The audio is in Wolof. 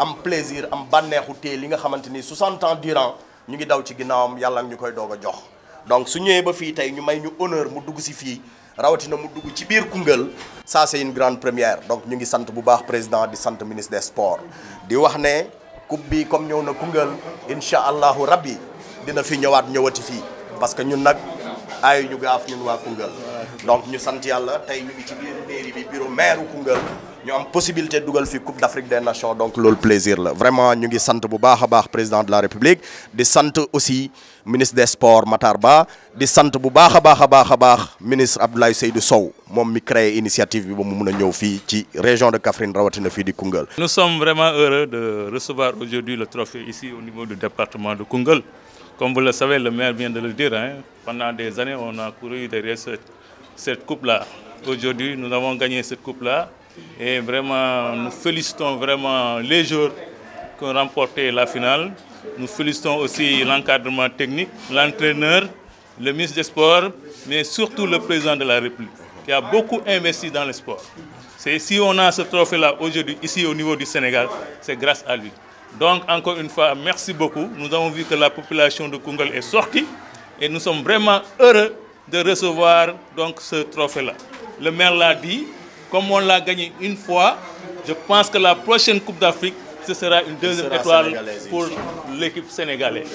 am plaisir am bànneexu tee li nga xamante ni 60 ans durant ñu ngi daw ci ginnaawam yàlla ñu koy doog a jox donc su ñëwee ba fii tey ñu may ñu honneur mu dugg si fii rawatina mu dugg ci biir Koungheul ça c'est une grande première donc ñu ngi sant bu baax président di sant ministre de sports di wax ne coupe bi comme ñëw na Koungheul incha allahu rabbi dina fi ñëwaat ñëwati fii parce que ñun nag aayu ñu gaaf ñun waa Koungheul donc ñu sant yàlla tey ñu ngi ci biir mairie bi bureau maire Koungheul ñu am possibilité dugal fi coupe d'Afrique des nations donc loolu plaisir la vraiment ñu ngi sant bu baax baax président de la république di sant aussi ministre des sports Matarba, Ba di sant bu baax a baax baax ministre Abdoulaye Seydou Sow moom mi créé initiative bi ba mu mun a ñëw fii ci région de Kafrine rawatina fii di Koungheul. nous sommes vraiment heureux de recevoir aujourd'hui le trophée ici au niveau du département de Koungheul comme vous le savez le maire vient de le dire hein, pendant des années on a couru des ce cette coupe-là. Aujourd'hui, nous avons gagné cette coupe-là. Et vraiment, nous félicitons vraiment les joueurs qui ont remporté la finale. Nous félicitons aussi l'encadrement technique, l'entraîneur, le ministre des Sports, mais surtout le président de la République, qui a beaucoup investi dans le sport. Si on a ce trophée-là aujourd'hui, ici au niveau du Sénégal, c'est grâce à lui. Donc, encore une fois, merci beaucoup. Nous avons vu que la population de Kungal est sortie et nous sommes vraiment heureux de recevoir donc ce trophée-là. Le maire l'a dit, comme on l'a gagné une fois, je pense que la prochaine Coupe d'Afrique, ce sera une deuxième étoile pour l'équipe sénégalaise.